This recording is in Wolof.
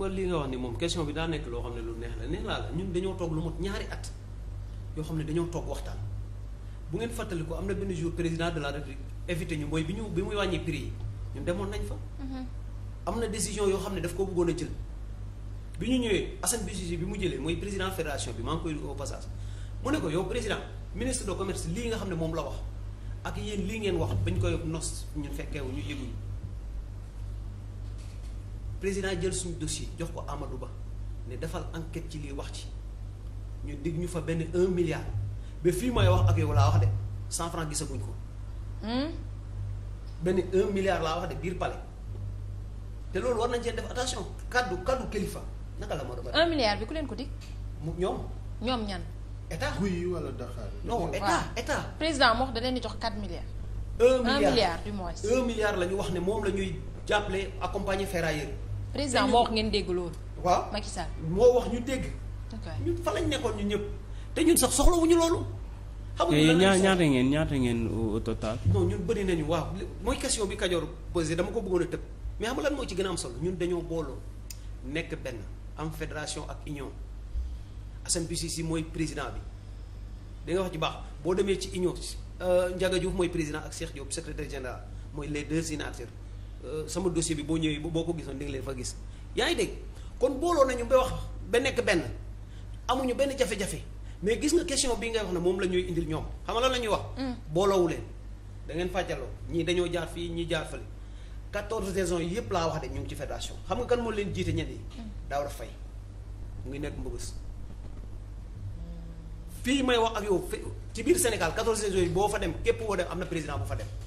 nga li nga wax ni moom question bi daa nekk loo xam ne lu neex la neex laa la ñun dañoo toog lu mot ñaari at yoo xam ne dañoo toog waxtaan bu ngeen fàttali ko am na benn jour président de la république invité ñu mooy bi ñu bi muy wàññi prix yi ñun demoon nañ fa mhm. am na décision yoo xam ne daf ko bëggoon a jël bi ñu ñëwee Assane Bissou bi mu jëlee mooy président fédération bi maa ngi koy au passage mu ne ko yow président ministre de commerce lii nga xam ne moom la wax ak yéen lii ngeen wax bañ koy nos ñun fekkeewu ñu yëguñu président jël suñu yi jox ko Amadou Ba ne defal enquête ci lii wax ci ñu dig ñu fa benn un milliard ba fii may wax ak yow laa wax de cent franc gisaguñ ko. Hmm? benn un milliard laa wax de biir palais te loolu war nañ cee def attention kaddu kaddu kilifa naka la ma doon. un milliard bi ku leen ko dig. mu ñoom. ñoom ñan. état guy wala Dakar. non état état. président moo wax da leen di jox quatre milliards. un milliard un milliard du moins. un milliard la ñu wax ne moom la ñuy jàppale accompagner ferrailleurs président moo wax ngeen dégg loolu. waaw Macky Sall moo wax ñu dégg. ñun fa lañ nekkoon ñu ñëpp te ñun sax soxlawuñu loolu. xamuñu eh, ñaar ñaata ngeen ñaata ngeen au total. non ñun bëri nañu waaw mooy question bi Kajoor posé dama ko bëggoon a tëb mais xam nga moo ci gën a am solo ñun dañoo booloo nekk benn am fédération ak union Assane Bississi mooy président bi da nga wax ci baax boo demee ci union euh, Ndiaga Diouf mooy président ak Cheikh Diop secrétaire général mooy les deux sénateurs. Euh, sama dossier bi boo ñëwee boo ko gisoon di leen fa gis yaa ngi dégg kon booloo nañu ba wax ba nekk benn amuñu benn jafe-jafe mais gis nga question bi ngay wax ne moom la ñuy indil ñoom xam nga la ñuy wax. Mm. booloowu leen da ngeen fàcjaloo ñii dañoo jaar fii ñii jaar fële 14 saisons yëpp laa wax de ñu ngi ci fédération xam nga kan moo leen jiite ñenn yi. Mm. daaw daf fay mu ngi nekk mbëbës. fii may wax ak yow ci biir Sénégal 14 saisons yi boo fa dem képp woo dem am na président bu fa dem.